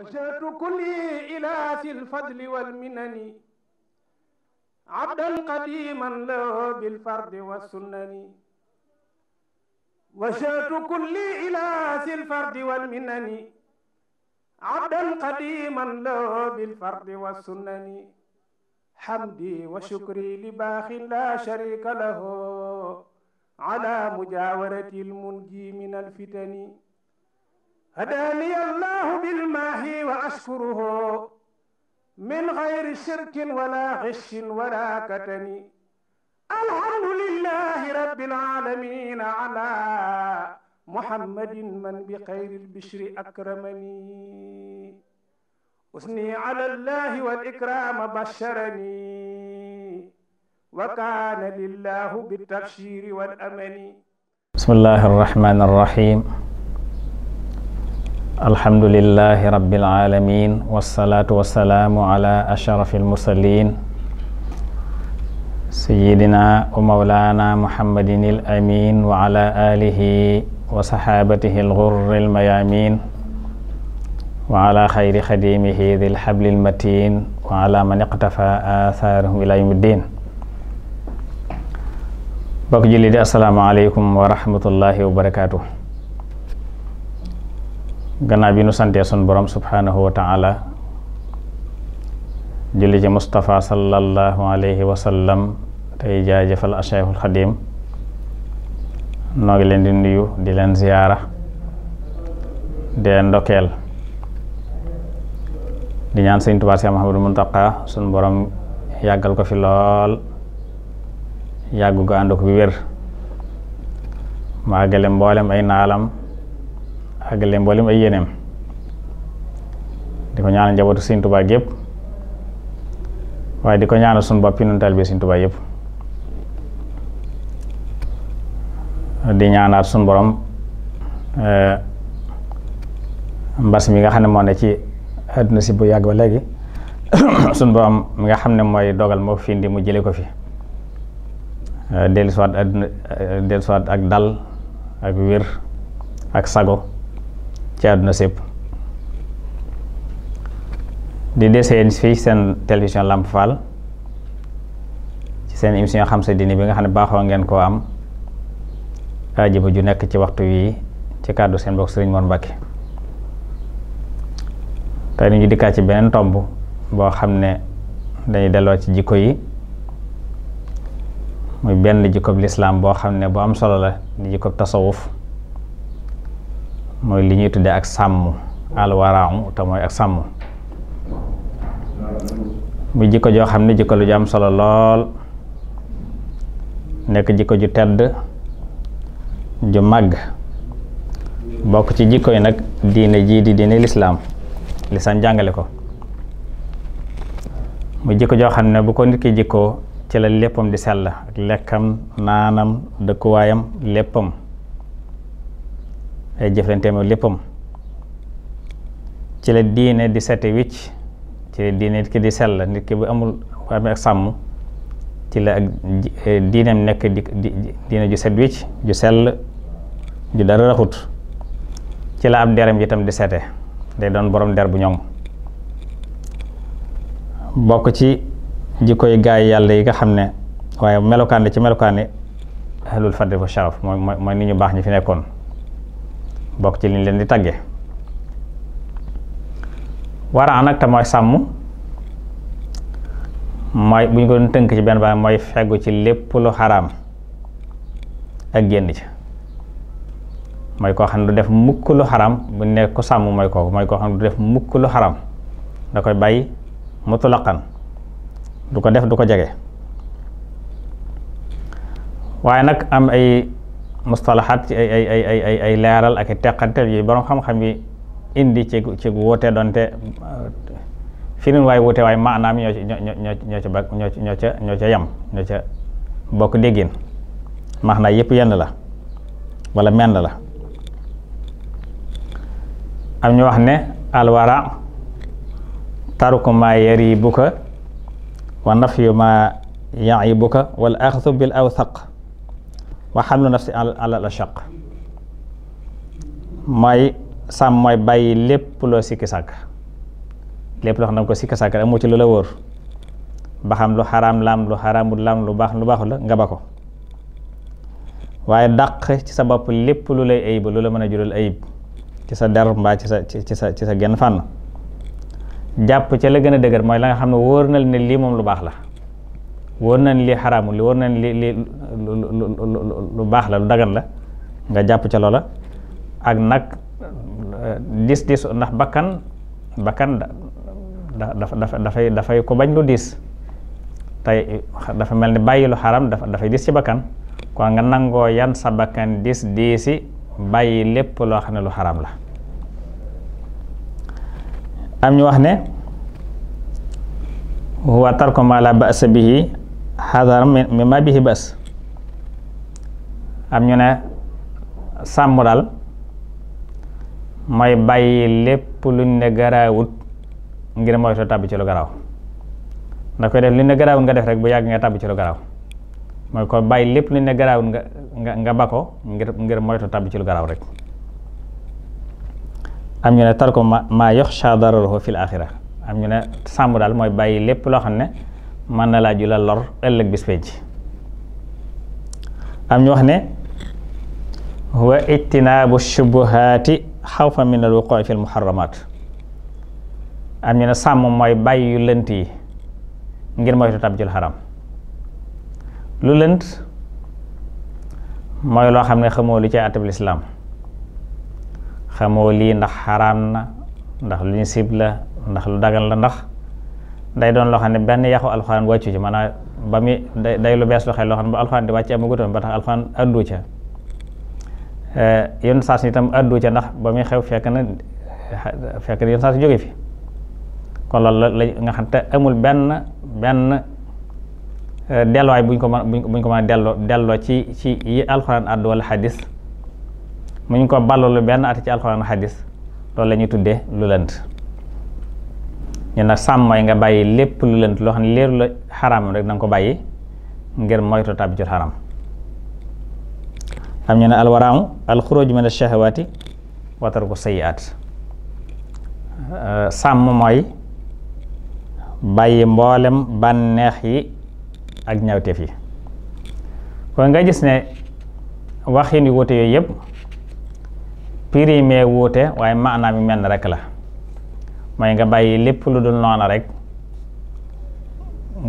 وجهت كلي إلى ذي الفضل والمنن عبدا قديما له بالفرد والسنن وجهت كلي إلى ذي الفرد والمنن عبدا قديما له بالفرد والسنن حمدي وشكري لباخ لا شريك له على مجاورة المنجي من الفتن هداني الله بالماهي وأشكره من غير شرك ولا غش ولا كتم الحمد لله رب العالمين على محمد من بخير البشر أكرمني أثني على الله والإكرام بشرني وكان لله بالتبشير والأمن بسم الله الرحمن الرحيم alhamdulillahi rabbil alamin wassalaatu wassalaamu ala ashraf almursalin sayidina wa mawlana muhammadin alamin wa ala alihi wa saxaabatihi algurri almayamin wa ala xayri xadimihi dil xabli almatin wa ala man iqtafa athaarahum ila yawmi ddin bokk julli di assalaamu aleykum wa rahmatullahi wa barakatuh gannaaw bi nu santee sun borom subhaanahu wa taala julli ci Moustapha sallallahu alayhi wa sallam tey jaajëfal a Cheikhul Xadim noo ngi leen di nuyu di leen ziyaara dee ndokkeel di ñaan sëñ Tuubaa Seex Muhammadu Muntaqa sun borom yàggal ko fi lool yàggu ko ànd ko bi wér maa gële mboolem ay naalam àggale mboolem ay yéeneem di ko ñaanal njabootu Sëñ Tuubaa waaye di ko ñaanal suñu bopp yi nun taalibe yëpp di ñaanaat suñu eh, mbas mi nga xam ne moo ne ci àdduna si bu yàgg ba léegi suñu borom mi nga xam ne mooy dogal moo fi indi mu jële ko fi eh, dellusiwaat àdduna eh, dellusiwaat ak dal ak wér ak sago ci àdduna sépp di deseen fii seen télévision Lamp Fall ci seen émission xam sa diine bi nga xam ne baaxoo ngeen ko am àjjuma ju nekk ci waxtu wi ci kàddu seen bokk Sëriñ Mor Mbacke tey ñu dikkaat ci beneen tomb boo xam ne dañuy delloo ci jikko yi muy benn jikkob lislaam boo xam ne bu am solo la di jikkob tasawuf mooy li ñuy tuddee ak sàmm alwaraamu te mooy ak sàmm mu jikko joo xam ne jikko lu ju am solo lool nekk jikko ju tedd ju màgg bokk ci jikko yi nag diine jii di diine lislaam lislaam jàngale ko mu jikko joo xam ne bu ko nit ki jikkoo ci la léppam di sell lekkam naanam dëkkuwaayam léppam ay jëflanteem ak léppam ci la diine di sete wicc ci la diine ki di sell nit ki bu amul amee ak sàmm ci la ak eh, diineem nekk di diine ju set wicc ju sell ju dara raxut ci la ab deram tam di sete day doon borom der bu ñoom bokk ci jikkoy gaay yàlla yi nga xam ne waaye melokaan ci melokaani ahlul fadli wa sharaf mooy mooy nit ñu baax ñu fi nekkoon bokk ci liñ leen di tagge waraan nag te mooy sàmm mooy bu ñu ko doon tënk ci benn baa mooy feggu ci lépp lu xaraam ak génn ci mooy koo xam ne du def mukk lu xaraam bu ne ku sàmm mooy kooku mooy koo da koy bàyyi mutlaqan du ko def du ko jege waaye nag am ay mustalahaat ci ay ay ay ay leeral ak i teqantel yooyu borom xam-xam yi indi ci ci wuute donte firin waay wuute waay maanaam ñoo ci ñoo ñoo ñoo ca ñoo ñoo ca ñoo ca yem ñoo ca bokk déggin maanaam yëpp yenn la wala menn la am ñu wax ne alwara taruku maa yaribuka wa nafyu maa yaibuka wal axdu bil awsaq wa xam lu nafsi alal ashaq mooy sàmm mooy bàyyi lépp loo sikki sàkk lépp loo xam ne ko sikki sàkk amu ci lu la wóor ba xam lu xaraam laam lu xaraamul laam lu baax lu baaxul la nga ba ko waaye dàq ci sa bopp lépp lu lay ayib lu la mën a jural ayib ci sa der mbaa ci sa ci sa ci sa genn fànn jàpp ca la gën a dëgër mooy la nga xam ne wóor na ne lii moom lu baax la wóor na ni lii xaraamu li wóor na ni lii lu baax la lu dagan la nga jàpp ca loola ak nag euh, diis diis ndax bakkan bakkan dafay dafay ko bañ lu diis tey dafa mel ni bàyyi lu xaram dafa dafay diis ci bakkan kon nga nangoo yan sa bakkan diis diisi bàyyi lépp loo xam ne lu xaram la am ñu wax ne huwa tarku ma la ba'sa bihi xadar mi ma bihi bas am ñu ne sàmm daal mooy bàyyi lépp luñ ne garaawut ngir moytu tàbbi ci lu garaaw ndax koy def luñ ne garaawut nga def rek bu yàgg nga tàbbi ci lu garaaw mooy ko bàyyi lépp luñ ne garaawut nga nga bakko ba ngir ngir moytu tàbbi ci lu garaaw rek am ñu ne tarko ma ma yox chadaruhu fil axira am ñu ne sàmm daal mooy bàyyi lépp loo xam ne mën na laa jula lor ëllëg bis penc am ñu wax ne wa ijtinaabu shubuhaati xawfa min al wuquu fi am ñu ne sàmm mooy bàyyi lënt yi ngir moytu tab jul xaram lu lënt mooy loo xam ne xamoo lu ci atab lislaam xamoo lii ndax xaraam na ndax lu ñu sib ndax lu dagan la ndax day doon loo xam ne benn yaxu alxuraan wàccu ci maanaam ba muy day day lu bees loo xam ne loo xam ne ba alxuraan di wàcc amagutoon ba tax alxuraan addu ca eh, yenn saa ca ndax ba muy xew fekk na fekk na yenn saa si jóge fi kon loolu la nga xam te amul benn benn eh, delluwaay buñ ko mën ko mën a delloo delloo ci ci yi alxuraan addu wala xadis mu ñu ko ballulu benn at ci alxuraan xadis loolu la ñuy tuddee lu lënt ñu nag sàmm mooy nga bàyyi lépp lu lënt loo xam ne leeru la xaraam rek danga nga ko bàyyi ngir moytu tàbbi ci xaraam xam ñu ne alwaraamu alxuruj min ash-shahawaati wa tarku sayyi'aat sàmm mooy bàyyi mboolem bànneex yi ak ñawteef yi kon nga gis ne waxin yu wuute yooyu yëpp prime wuute waaye maanaam yu mel rekk la mooy nga bàyyi lépp lu dul noona rek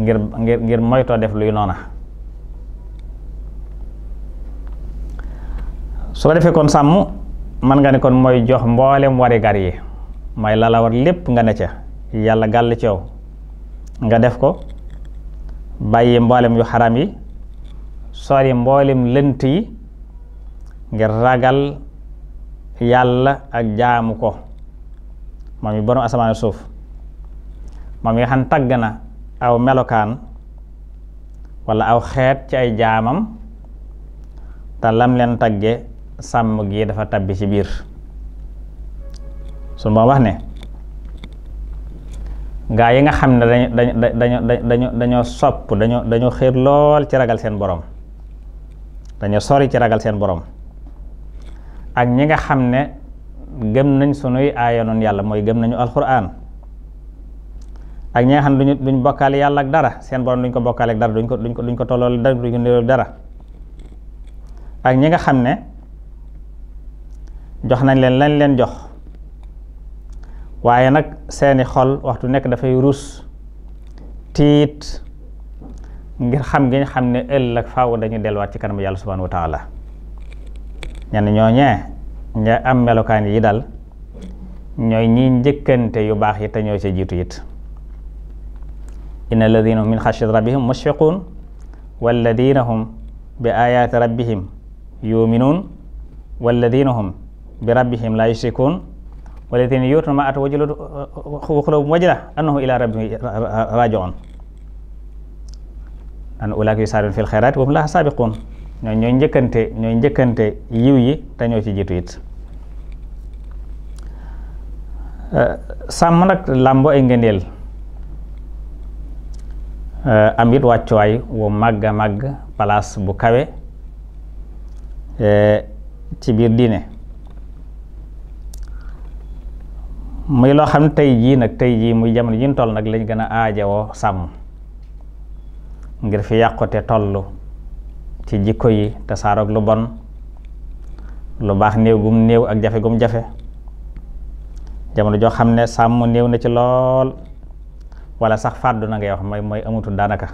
ngir ngir moytoo def luy noona su ko defee kon sàmm mën nga ne kon mooy jox mboolem wari gar yi mooy la lépp nga ne ca yàlla gàll ci nga def ko bàyyi mboolem yu xaram yi sori mboolem lënt yi ngir ragal yàlla ak jaamu ko moom mi borom asamaan suuf moom mi nga xam tagg na aw melokaan wala aw xeet ci ay jaamam te lam leen tagge sàmm gi dafa tabbi ci biir su ma wax ne gaa yi nga xam ne dañu dañu dañu dañoo sopp dañu dañu xiir lool ci ragal seen boroom dañoo sori ci ragal seen boroom ak ñi nga xam ne gëm nañ sunuy aaya yàlla mooy gëm nañu alxuraan ak ñi nga xam ne duñ bokkaale yàlla dara seen borom duñ ko bokkaale ak ko duñ ko duñ ko tollool dara duñ ko nirool dara ak ñi nga xam ne jox nañ leen lañ leen jox waaye nag seeni xol waxtu nekk dafay ruus tiit ngir xam ngiñ xam ne ak faw dañuy delluwaat ci kanamu yàlla subhanahu wa taala ñenn ñooñee am melokaan yi dal ñooy ñi njëkkante yu baax yi te ñoo jiitu it inna alladina hum min xashyati rabbihim mushfiqun walladina bi ayaati rabbihim yuminuun walladina bi rabbihim la yushrikuun walladina yuutuna ma aataw wa quluubuhum wajila annahum ila rabbihim rajiun an fi lxayraati wa ñooy ñooy njëkkante ñooy njëkkante yiw yi te ñoo ci jiitu it euh, sàmm nag làmb ay ngëneel euh, am it wàccuwaay wu màgg a màgg palaas bu kawe euh, ci biir diine muy loo xam tey jii nag tey jii muy jamono ji ñu nag lañ gën a aajowoo sàmm ngir fi yàqute tollu ci jikko yi tasaaroog lu bon lu baax néew gum néew ak jafe gum jafe jamono joo xam ne sàmm néew na ci lool wala sax fàddu na ngay wax mooy mooy amutul daanaka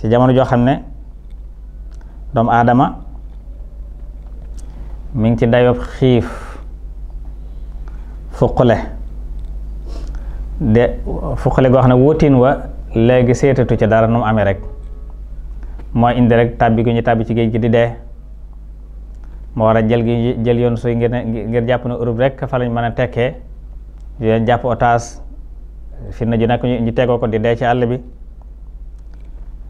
ci jamono joo xam ne doomu aadama mi ngi ci dayob xiif fuqule de fuqule goo xam ne wutin wa léegi seetatu ci dara nu mu amee rek moo indi rek tàbbi gu ñu tàbbi ci géej gi di dee moo war a jël gi jël yoon suy ngir ngir jàpp na Europe rek fa lañ mën a tekkee di leen jàpp otage fi na ji nag ñu tegoo ko di dee ci àll bi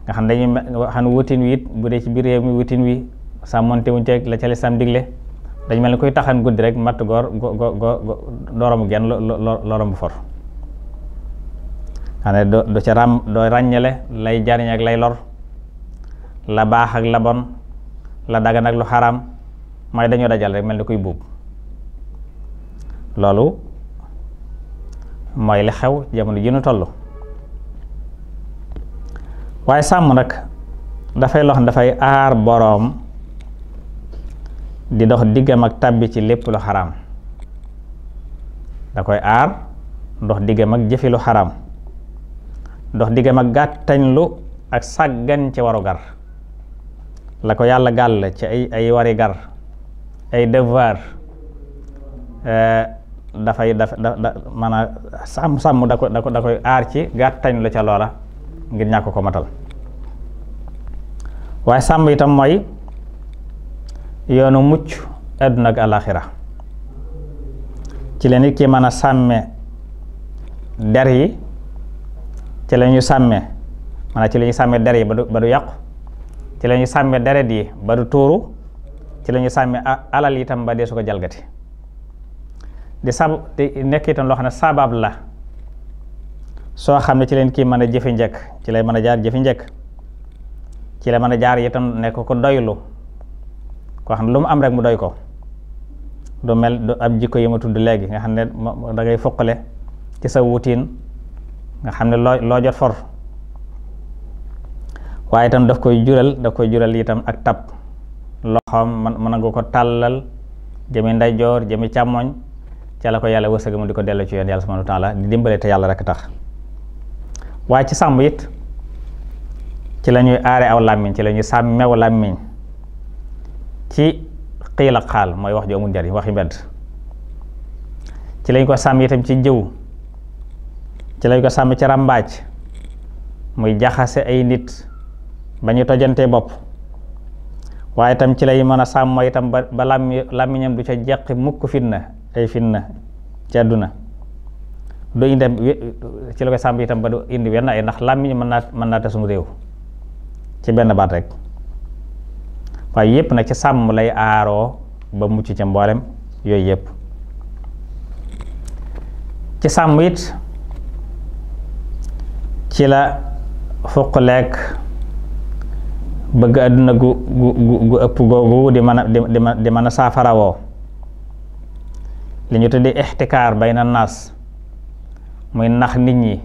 nga xam dañuy xam wutin wi bu dee ci biir réew mi wutin wi sàmmonte wuñ la ca digle dañ mel ni koy taxan guddi rek matt goor go go go bu genn loromu for xam ne do ca ràm doo ràññale lay jariñ ak lay lor la baax ak la bon la dagan ak lu xaram mooy dañoo dajal rek mel ni kuy buub loolu mooy li xew jamono ji nu toll waaye sàmm nag dafay loo dafay aar boroom di dox diggam ak tàbbi ci lépp lu xaram da koy aar ndox diggam ak jëfi lu xaram dox diggam ak gàttañlu ak sàggan ci warugar la ko yàlla gàll ci ay ay wari ay devoir eh, dafay daf da da a sàmm sàmm da da ko koy aar ci gàttañ lu ca loola ngir ñàkk ko matal waaye sàmm itam mooy yoonu mucc àdduna ak àlaxira ci la nit ki mën a sàmme der yi ci la ñu sàmme maanaam ci la ñu sàmme der yi ba du yàqu ci la ñu sàmme deret yi ba du tuuru ci lañuy ñu sàmme alal itam ba dee su ko jalgati di sab di nekk itam loo xam ne sabab la soo xam ne ci leen kii mën a jëfi njëkk ci lay mën a jaar jëfi njekk ci la mën a jaar itam nekk ko doylu koo xam ne lu mu am rek mu doy ko du mel du am jikko yi ma tudd léegi nga xam ne da ngay fuqale ci sa wutiin nga xam ne loo loo jot for waaye itam daf koy jural daf koy jural itam ak tab loxoom man mën na ko tàllal jëmi ndeyjoor jëmi càmmoñ ca la ko yàlla wërsëg mu di ko delloo ci yoon yàlla subhanahu wa taala di dimbale te yàlla rek tax waaye ci sàmm it ci la ñuy aare aw làmmiñ ci la ñuy sàmmew làmmiñ ci xiila xaal mooy wax ju amul njariñ waxi mbedd ci lañ ko sàmm itam ci jëw ci lañ ko sàmm ci ràmbaaj muy jaxase ay nit ba ñu tojantee bopp waaye tam ci lay mën a sàmm itam ba ba làmmi làmmiñam du ca jeqi mukk fitna ay fitna ci àdduna du indi ci la koy sàmm itam ba du indi wenn ay ndax làmmiñ mën naa mën naa tasum réew ci benn baat rek waaye yépp nag ci sàmm lay aaroo ba mucc ca mboolem yooyu yépp ci sàmm it ci la fuq lekk bëgg àdduna gu gu gu ëpp googu di mën a di mën a saafarawoo li ñu tuddee ixtikaar bay na naas muy nax nit ñi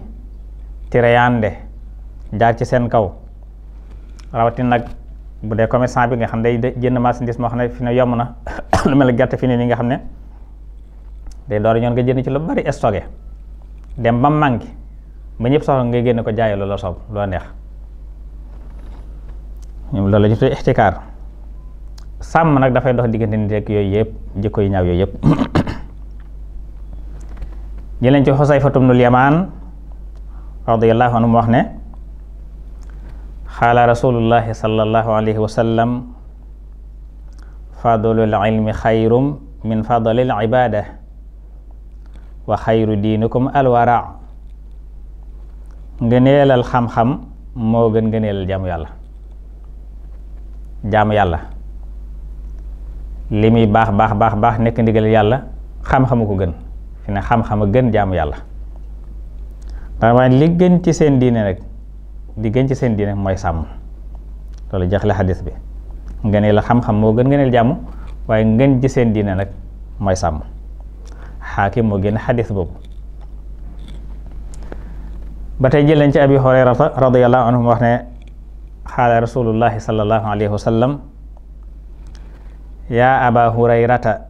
ci reyaande jaar ci seen kaw rawati nag bu dee commerçant bi nga xam ne day jënd marchandise moo xam fi ne yomb na lu mel gerte fi ne nii nga xam ne day door ñoon nga jën ci lu bari stocké dem ba manqué ba ñëpp soxla nga génn ko jaayee loola soob loo neex ñoom loolu la ñu tuddee nag dafay dox diggante nit yooyu yëpp jikko yu ñaaw yooyu yëpp jëleen ci xusayfatu bnul yamaan radiyallahu anhu wax ne xaala rasulullahi sallallahu alayhi wa sallam fadlul ilmi xayrum min fadlil ibada wa xayru diinikum alwara ngëneelal xam-xam moo gën nga ngëneelal jaamu yàlla jaamu yàlla li muy baax baax baax baax nekk ndigal yàlla xam ko gën fi xam a gën jaamu yàlla waaye li gën ci seen diine nag di gën ci seen diine mooy sàmm loolu jaxle xadis bi ngeen la xam-xam moo gën ngeen jaamu waaye ngeen ci seen diine nag mooy sàmm xaakim moo gën xadis boobu ba tey jëleen ci abi hurayrata radiyallahu anhu wax ne qaala rasulullahi sallallahu alayhi wa sallam ya aba hurayrata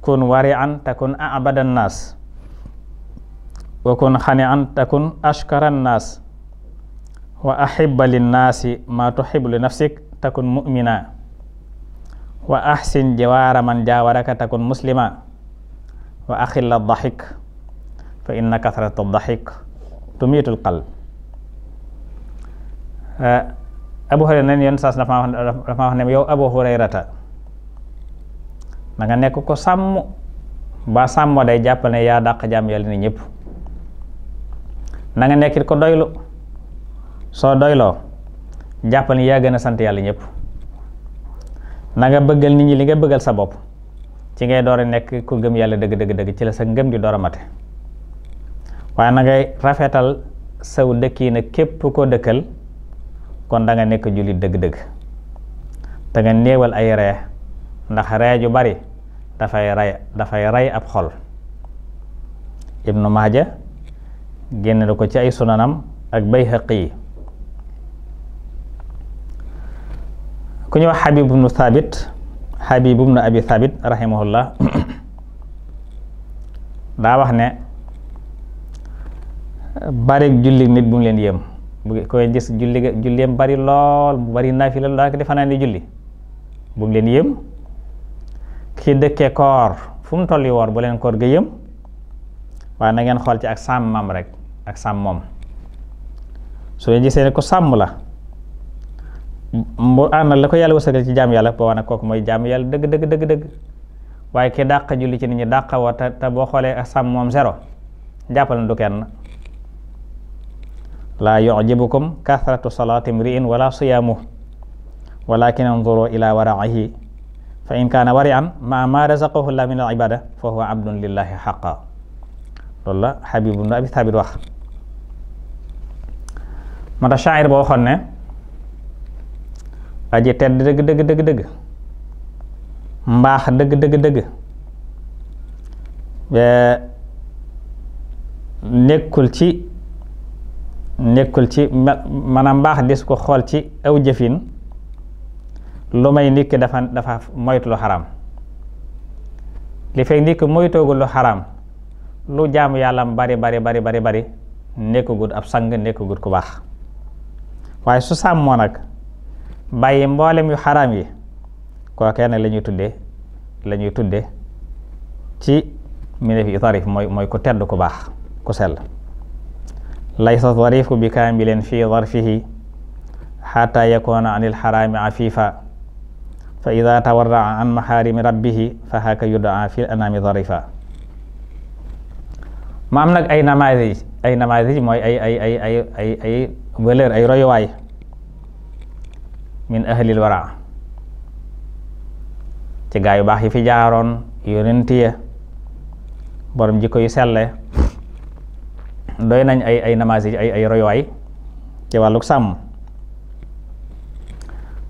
kun wari'an takun a'bada an-nas wa kun khani'an takun ashkara an-nas wa ahibba lin-nasi ma tuhibbu li nafsik takun mu'mina wa ahsin jiwaara man jaawaraka takun muslima wa akhilla ad-dahik fa inna kathrata ad-dahik tumiitu al-qalb eh, abu hurayra nen yoon saas yow abu hurayrata na nga nekk ko sàmm ba sàmmo day jàppale ne yaa dàq jàmm yàlla ni ñëpp na nga nekkit ko doylu soo doyloo jàppal ni yaa gën a sant yàlla ñëpp na nga bëggal nit ñi li nga bëggal sa bopp ci ngay door a nekk ku gëm yàlla dëgg dëgg dëgg ci la sa ngëm di door a mate waaye na ngay rafetal saw dëkkiin képp koo dëkkal kon da nga nekk jullit dëgg-dëgg te nga néewal ay ree ndax ree ju bari dafay ray dafay ray ab xol ibnu maaja génne na ko ci ay sunanam ak bayhaqi yi ku ñuy wax xabib ibnu thabit xabib ibnu abi thabit rahimahullah daa wax ne bari jullit nit bu mu leen yëm bu koy gis julli julleem bari lool mu bari naafila lool daanaka defanaan di julli bu mu leen yëm ki dëkkee koor fu mu tolli woor bu leen koor ga yëm waaye na ngeen xool ci ak sàmmam rek ak sàmmoom su leen gisee ne ko sàmm la mu àndal la ko yàlla wërsëgal ci jaam yàlla boo wax ne kooku mooy jaam yàlla dëgg dëgg dëgg dëgg waaye ki dàq julli ci nit ñi dàq wa te boo xoolee ak sàmm moom zéro jàppal na du kenn laa yujibukum kathratu salati mri'in wala siyaamuhu walakin anzuru ila waraihi fa in kaana wari'an ma ma razaqahu llah min al ibada fa huwa abdun lillahi xaqa loolu la Habib ibn Abi Thabit wax moo tax shaayir boo waxoon ne aji tedd dëgg dëgg dëgg dëgg mbaax dëgg dëgg dëgg nekkul ci nekkul ci maanaam mbaax des ko xool ci aw jëfin lu may nit ki dafa dafa moytu lu xaram li fekk nit ki moytoogu lu xaram lu jaamu yàlla bari bari bari bari bari nekkagut ab sang nekkagut ku baax waaye su sàmmoo nag bàyyi mboolem yu xaraam yi kookee nag lañuy ñuy tuddee la ñuy tudde ci mi ne fi tarif mooy ku tedd ku baax ku sell laysa zarifu bi kaamilin fi zarfihi xataa yakuuna an ilxaraami afifa fa ida tawarraa an maxaarimi rabbihi fa haka yudaa fi anaami zarifa mu am nag ay namaasi ay namaasi mooy ay ay ay ay ay ay valeur ay royuwaay min ahlil wara ci gaa yu baax yi fi jaaroon yonent ya borom jikko yu selle doy nañ ay ay namaas yi ay ay royuwaay ci wàllu sàmm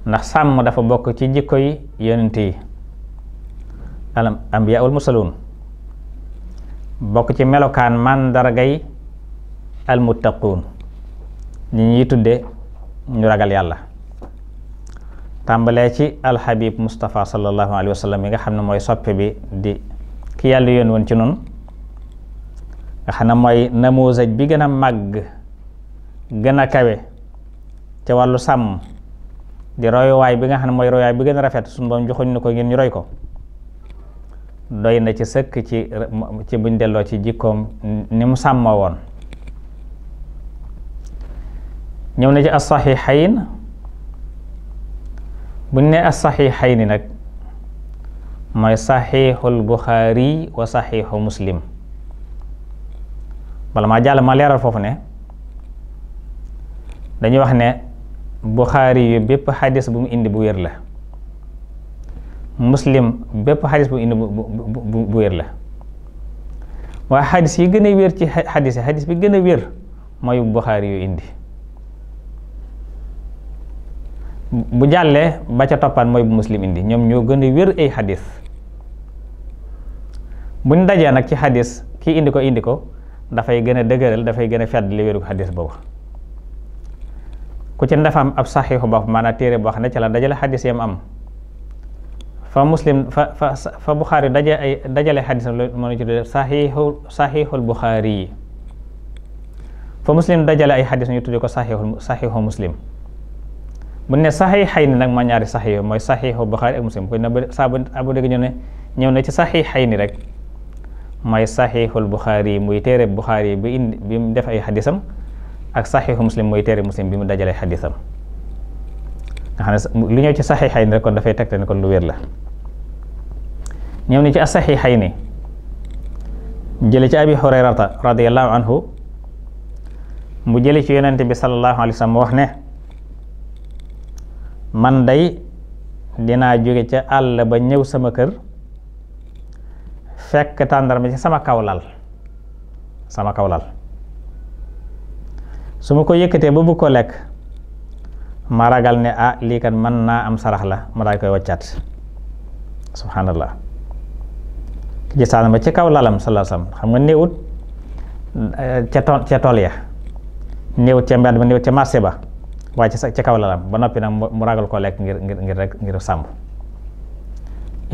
ndax sàmm dafa bokk ci jikko yi yonent yi al ambiyaul mursaluun bokk ci melokaan mandargay màndargay almuttaquun ñi ñuy tudde ñu ragal yàlla tàmbalee ci alxabib Mustafa sallallahu alayhi wa yi nga xam ne mooy soppe bi di ki yàlla yoon woon ci noonu nga xam mooy namuusaj bi gën a màgg gën a kawe ci wàllu sàmm di waay bi nga xam ne mooy royuwaay bi gën a rafet suñu boom joxuñ ni ko ngeen ñu roy ko doy na ci sëkk ci ci buñ delloo ci jikkoom ni mu sàmmoo woon ñëw na ci as-saxiixayn buñ ne as-saxiixayni nag mooy saxiixul buxaari wa saxiixu muslim bala maa jàll ma leeral foofu ne dañuy wax ne buxaari yu bépp xadis bu mu indi bu wér la muslim bépp xadis bu mu indi bu wér la waaye xadis yi gën a wér ci xadis yi xadis bi gën a wér mooy buxaari yu indi bu jàllee ba ca toppaan mooy bu muslim indi ñoom ñoo gën a wér ay xadis buñ dajee nag ci xaddis kii indi ko indi ko dafay gën a dafay gën a fedd li wéru xadis boobu ku ci ndafam ab saxiixu bopp maanaam téere boo xam ne ci la dajale xadis yam am fa muslim fa fa fa buxaari daje ay dajale xadis moo ñu tuddee saxiixu saxiixul buxaari yi fa muslim dajale ay xadis ñu tuddee ko saxiixu saxiixu muslim bu ne saxiixay ni nag moo ñaari saxiix mooy saxiixu buxaari ak muslim bu ne saa bu dégg ñu ne ñëw na ci saxiixay ni rek. mooy saxiixul Buxaari muy téere Buxaari bi indi bi mu def ay xaddisam ak saxiixu muslim muy téere muslim bi mu dajalee ay xaddisam nga xam ne lu ñëw ci saxiixay ni rek kon dafay tegte kon lu wér la ñëw ni ci as saxiixay ni jële ci abi hurayrata radiallahu anhu mu jële ci yonente bi salallahu alayhi wa wax ne man day dinaa jóge ca àll ba ñëw sama kër fekk tàndarma ci sama kaw lal sama kaw lal su ma ko yëkkatee ba bëgg ko lekk ma ragal ne a ah, lii kat mën naa am sarax la ma daal koy waccaat subhanallah ki gis tàndarma ci kaw lalam sallallahu xam nga néewut eh, ca tool ca tool ya néewut ca mbedd ba néewut ca marché ba waaye ca kaw lalam ba noppi nag mu ragal koo lekk ngir ngir ngir rek ngir sàmm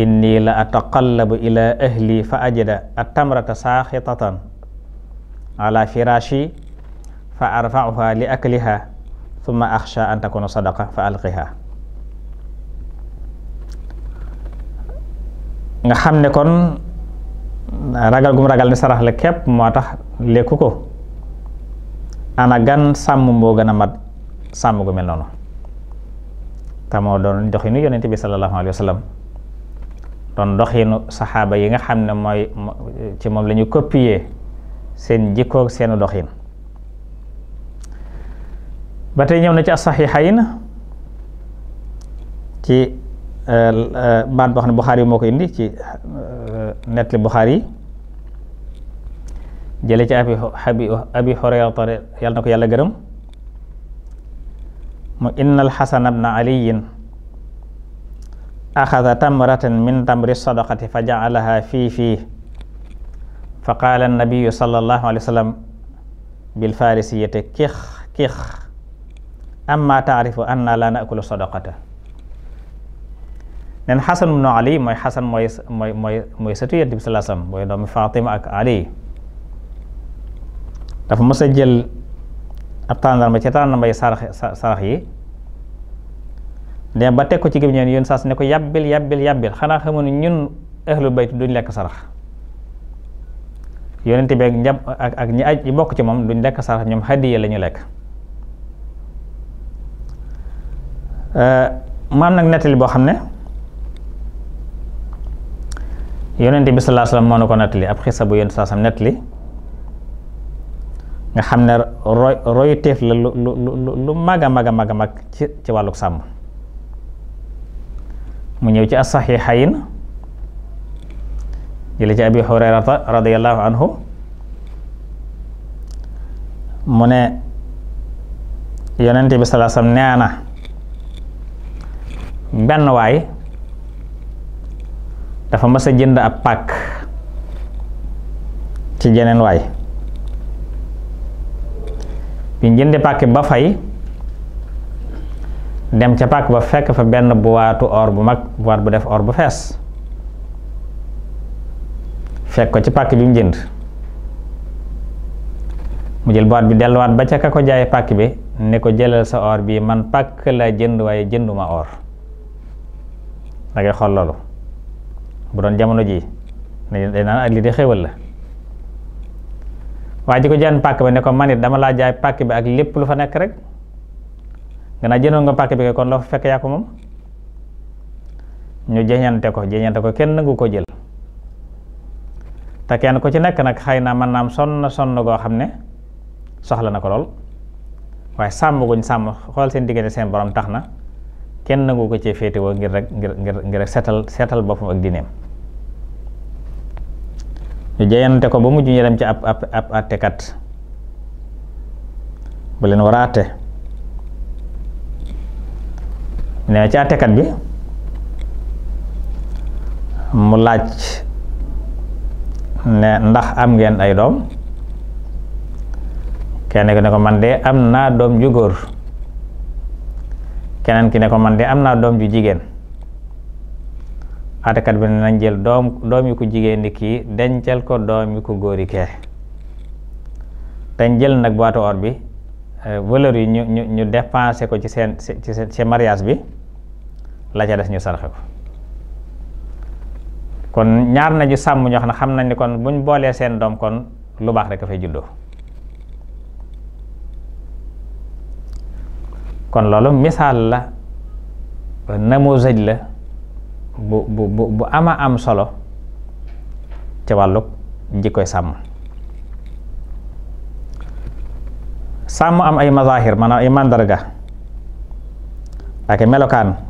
inni la ataqallabu ila ahli fa ajida atamrata saaxitatan ala firashi fa arfauha li akliha thumma axsha an takuna sadaqa fa alqiha nga xam ne kon ragal gum ragal ni sarax la képp moo tax lekku ko ana gan sàmm moo gën a mat sàmm gu mel noonu te moo doon joxinu yonente bi sallallahu alayhi wa sallam kon doxinu saxaaba yi nga xam ne mooy ci moom la ñu copier seen jikkoog seenu doxin ba tey ñëw na ci as-saxiixayn ci euh, euh, baat boo xam ne Buxaari moo ko indi ci euh, nettali Buxaari jële ci abi abi abi Hurayrata yàlla na ko yàlla gërëm mu innal Xasana bna Aliyin axada tamratan min tamri sadaqati fa jacalaha fii fii fa qaala annabiyu sallallahu alayhi wa sallam bilfarisiyati kix kix amma taarifu anna laa nakulu sadaqata nen xasan bnu ali mooy xasan mooy mooy mooy mooy sëtu yonent bi sallallahu alayhi wa sallam mooy doomi fatima ak ali dafa mës a jël ab tàndarma ci tàndarmay sarax sarax yi dem ba teg ko ci gémmiñam yoon saas ne ko yàbbil yàbbil yàbbil xanaa xamoon ñun ahlul bayt duñ lekk sarax yonente bi ak njab ak ak bokk ci moom duñ lekk sarax ñoom hadiya la lekk euh, maam nag nettali boo xam ne yonente bi sallallahu alayhi wasallam moo na ko nettali ab xisa bu yonente saasam nettali nga xam ne roy royu la lu lu lu lu mag a mag a mag a mag ci ci wàlluk sàmm mu ñëw ci as-saxiixayn jële ci abi hurayrata radiyallahu anhu mu ne yonente bi sallallahu alayhi wasallam nee na benn waay dafa mas a jënd ab pàkk ci jeneen waay bi jëndi pàkk ba fay dem ca pàkk ba fekk fa benn bu waatu or bu mag boîte bu def or bu fees fekk ko ci pàkk bi mu jënd mu jël bu boîte bi delluwaat ba ca ka ko jaay pàkk bi ne ko jëlal sa or bii man pàkk la jënd waaye jënduma or da ngay bu doon jamono ji dañuy dañ naan ak li di xéwal la waa ji ko jënd pàkk ba ne ko man dama laa jaay pàkk bi ak lépp lu fa nekk rek. gannaaw jëndoon nga pàkk bi kay kon la fa fekk yaa moom ñu jeñante ko jeñante ko kenn nangu ko jël te kenn ku ci nekk nag xëy na mën naa am sonn sonn goo xam ne soxla na ko lool waaye sàmm guñ sàmm xool seen diggante seen borom tax na kenn ko ci féetewoo ngir rek ngir seetal seetal boppam ak dineem ñu jeñante ko ba mujj ñu dem ci ab ab ab àttekat bu leen war nee ci àttekat bi mu laaj ne ndax am ngeen ay doom kenn ki ne ko man de am naa doom ju góor keneen ki ne ko man de am naa doom ju jigéen àttekat bi ne nañ jël doom doom yu ko jigéen di kii dencal ko doom yu ko góori kee dañ jël nag boîte or bi euh, valeur yi ñu ñu ñu ko ci seen ci seen mariage bi la ca des ñu sarxe kon ñaar nañu sàmm ñoo xam ne xam nañ ni kon buñ boolee seen doom kon lu baax rek a fay juddoo kon loolu misaal la namusaj la bu bu bu ama am solo ci wàllu jikkoy sàmm sàmm am ay mazahir maanaam ay màndarga ak melokaan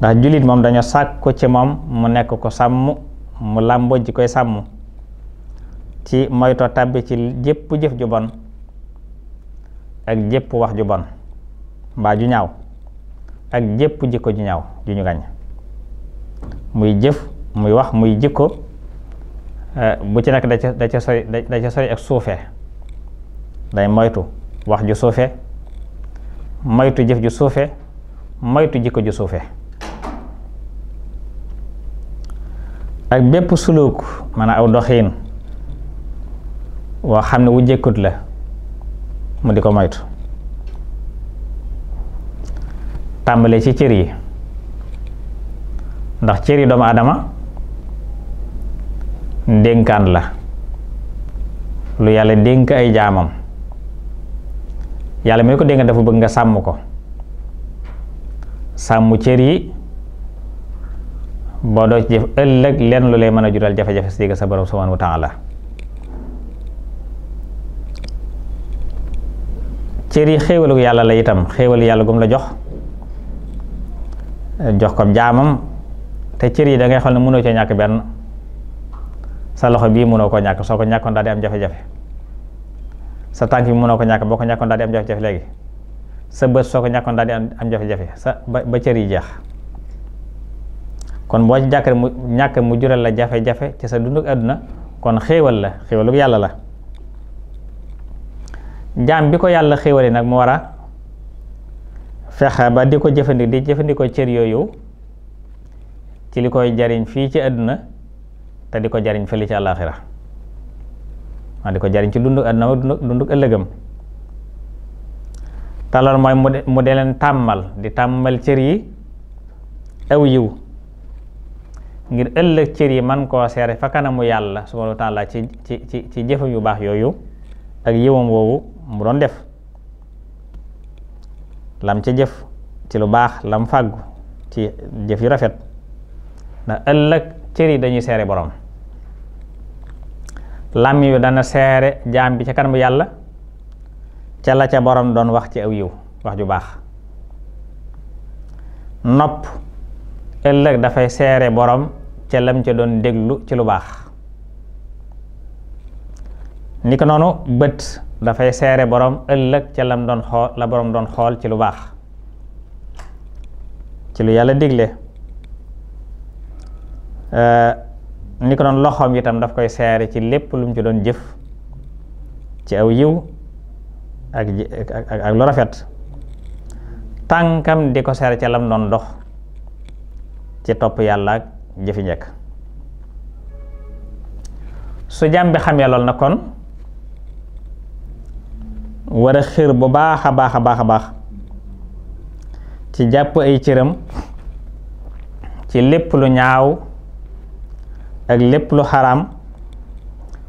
ndax jullit moom dañoo sàkku ci moom mu nekk ko sàmm mu làmboo ji koy sàmm ci moytu tàbbi ci jépp jëf ju bon ak jëpp wax ju bon mbaa ju ñaaw ak jépp jikko ju ñaaw ju ñu gàññ muy jëf muy wax muy jikko eh, bu ci nekk da ca da ca da ca sori ak suufe day moytu wax ju suufe moytu jëf ju suufe moytu jikko ju suufe ak bépp suluk maanaam aw doxiin woo xam ne wu jëkkut la mu di ko moytu tàmbale ci cër yi ndax cër yi doomu aadama dénkaan la lu yàlla dénk ay jaamam yàlla mi ko dénk dafa bëgg nga sàmm ko sàmm cër yi boo doo ci jëf ëllëg lenn lu lay mën a jural jafe-jafe si sa borom subhanahu wa taala cër yi xéewalu yàlla la itam xéewalu yàlla gum la jox jox ko jaamam te cër yi da ngay xool ne mënoo coo ñàkk benn sa loxo bii mënoo koo ñàkk soo ko ñàkkoon daal di am jafe-jafe sa tànk bi mënoo ko ñàkk boo ko ñàkkoon daal di jafe léegi sa bët soo ko ñàkkoon daal di am jafe-jafe sa ba ba cër yi jeex kon boo ci jàkkee mu ñàkk mu jural la jafe-jafe ci sa dunduk àdduna kon xéewal la xéewaluk yàlla la jaam bi ko yàlla xéewali nag mu war a fexe ba di ko jëfandikoo di jëfandikoo cër yooyu ci li koy jariñ fii ci àdduna te di ko jariñ fële ci àllaaxira waa di ko jariñ ci dunduk àdduna dunduk ëllëgam te loolu mooy mu de mu de leen tàmmal di tàmmal cër yi aw yiw ngir ëllëg cër yi man koo seere fa kanamu yàlla subhanahu wa taala ci ci ci ci jëfam yu baax yooyu ak yëwam woowu mu doon def lam ca jëf ci lu baax lam fàggu ci jëf yu rafet ndax ëllëg cër yi dañuy seere boroom lam yu dana seere jaam bi ca kanamu yàlla ca la ca borom doon wax ci aw yiw wax ju baax nopp ëllëg dafay seere boroom ca lam ca doon déglu ci lu baax ni ko bët dafay seere boroom ëllëg ca doon xool la borom doon xool ci lu baax ci lu yàlla digle ni ko noonu loxoom itam daf koy seere ci lépp lum ci doon jëf ci aw yiw ak lu rafet tànkam di ko seere ca lam doon dox ci topp yàlla jëfi njëkk su jaam bi xamee lool na kon war a xiir bu baax a baax a baax a baax ci jàpp ay cëram ci lépp lu ñaaw ak lépp lu xaraam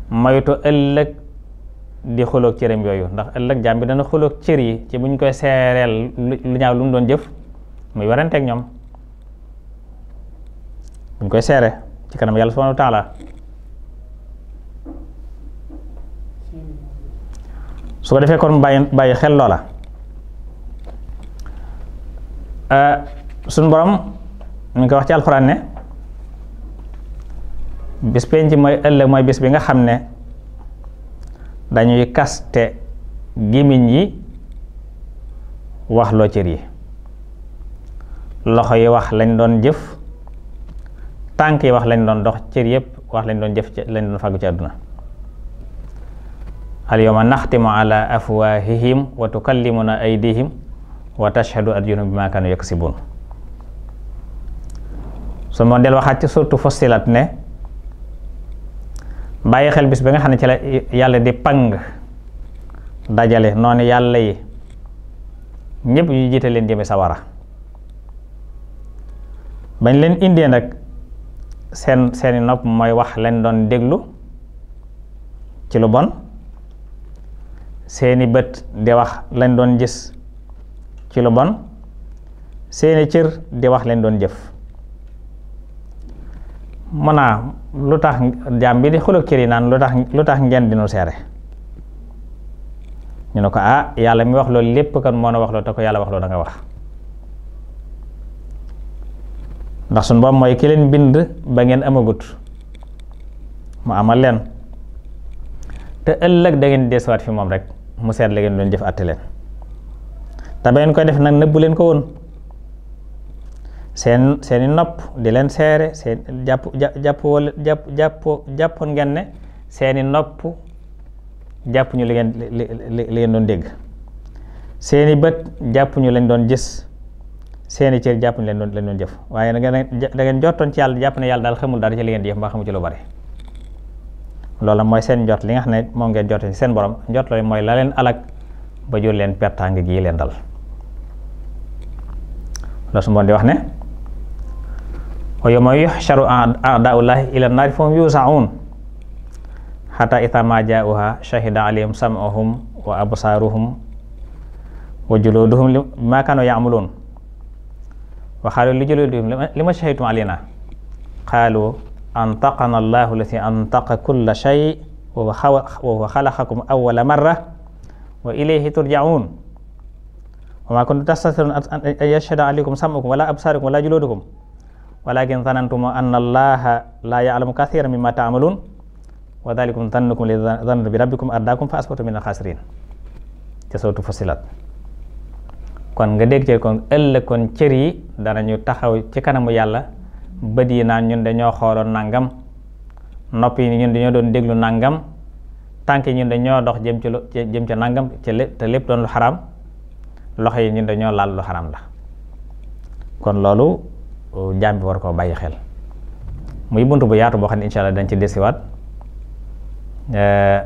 maytu ëllëg di xuloog cëram yooyu ndax ëllëg jaam bi dana xuloog cër yi ci buñ koy seereel lu ñaaw lu mu doon jëf muy waranteeg ñoom dañ koy seere ci kanam yàlla subhanahu wa taala su ko defee kon bàyyi bàyyi xel loola suñ borom mi koy wax ci alxuraan ne bis penc bi nga xam ne dañuy kaste gémmiñ yi wax loo cër yi loxo yi wax lañ doon jëf tànk yi wax lañ doon dox cër yëpp wax lañ doon jëf lañ doon fàggu ci àdduna alyawma naxtimu ala afwahihim wa tukallimuna aydihim wa tashhadu arjuluhum bima kanu yaksibun su moo del waxaat ci surtout Fussilat ne bàyyi xel bis bi nga xam ne ci la yàlla di pang dajale noonu yàlla yi ñëpp ñu jiite leen jëme sawara bañ leen indee nag seen seeni nopp mooy wax lañ doon déglu ci lu bon seeni bët di wax lañ doon gis ci lu bon seeni cër di wax lañ doon jëf mun naa lu tax jaam bi di xuloo cër yi naan lu tax lu tax ngeen dinu seere ñu ne ko ah yàlla mi wax loolu lépp kan moo na wax loolu te ko yàlla wax loolu da nga wax ndax suñ borom mooy ki leen bind ba ngeen amagut mu amal leen te ëllëg dangeen ngeen deesuwaat fi moom rek mu seet la ngeen doon jëf àtte leen te ba ngeen koy def nag nëbbu leen ko woon seen seeni nopp di leen seere seen jàpp jàpp jàpp jàpp jàppoon ngeen ne seeni nopp jàpp ñu li doon dégg seeni bët jàppuñu ñu lañ doon gis seeni cër jàpp leen doon leen doon jëf waaye da ngeen ngeen jottoon ci yàlla jàpp ne yàlla daal xamul dara ci li ngeen di jëf mbaa xamu ci lu bari loola mooy seen njot li nga xam ne moom ngeen jot ci seen borom njot la mooy la leen alak ba jur leen pertaange gii leen dal loolu su di wax ne wa yawma yuhsharu a'daa'ullaahi ilan naari fahum yuuza'uun xataa izaa maa jaa'uuhaa shahida alayhim sam'uhum wa absaaruhum wa juluuduhum bimaa kaanuu ya'maluun waxaalu li jëlul bihim li ma shahidtum alina qaalu antaqana allahu allati antaqa kulla shay wa huwa xalaqakum awwala marra wa ilayhi turjaun wa ma kuntum tastatirun an yashhada alaykum sam'ukum wala absarukum wala juludukum walakin zanantum anna allaha la ya'lamu kathiran mimma ta'malun wa dhalikum dhannukum li dhanni bi rabbikum ardaakum fa asbatum min al-khasirin ca sawtu Fussilat kon nga dégg cër kon ëllëg kon cër yi dana ñu taxaw ci kanamu yàlla bët yi naan ñun dañoo xooloon nangam nopp yi ñun dañoo doon déglu nangam tànk yi ñun dañoo dox jëm ci lu jëm ca nangam ci lépp te lépp doon lu xaraam loxo yi ñun dañoo laal lu xaraam la kon loolu jaam war koo bàyyi xel muy bunt bu yaatu boo xam ne incha allah dañ ci desiwaat eh,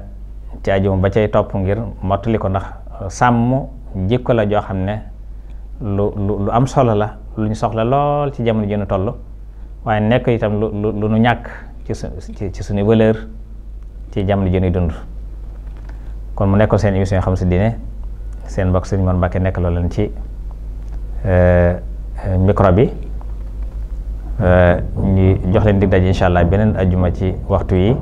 ci ajuma ba cay topp ngir mottali ko ndax sàmm jikko la joo xam ne lu lu am solo la lu ñu soxla lool ci jamono ji toll waaye nekk itam lu lu nu ñàkk ci su ci suñu valeur ci jamono ji yi dund kon mu nekkoon seen émission xam si diine seen mbokk sëñ Mor Mbacke nekk loolu leen ci euh, micro bi euh, ñu jox leen dig daj incha allah beneen ajjuma ci waxtu yi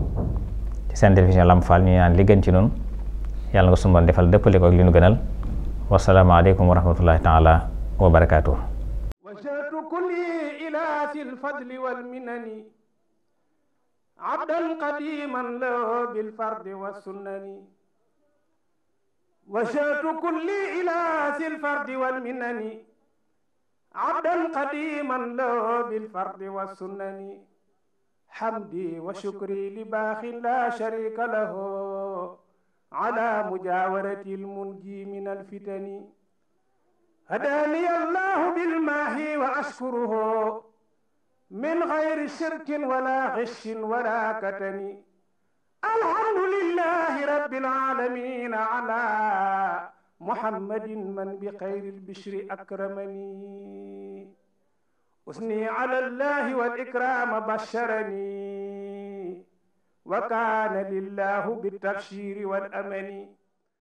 ci seen télévision Lamp Fall ñu naan li gën ci noonu yàlla nga sumbal defal dëppale ko ak li nu gënal. wasalaamaaleykum wa rahmatullahi taala wa barakaatuh wajhatu kulli ilaati alfadli walminani abdan qadiman lahu bilfardi wassunnani wajhatu kulli ilaati alfardi walminani عبدا قديما له بالفرد والسنن حمدي وشكري لباخ لا شريك له على مجاورة المنجي من الفتن هداني الله بالماهي وأشكره من غير شرك ولا غش ولا كتم الحمد لله رب العالمين على محمد من بخير البشر أكرمني أثني على الله والإكرام بشرني wa kaana lillahu bi tabshiri wal amani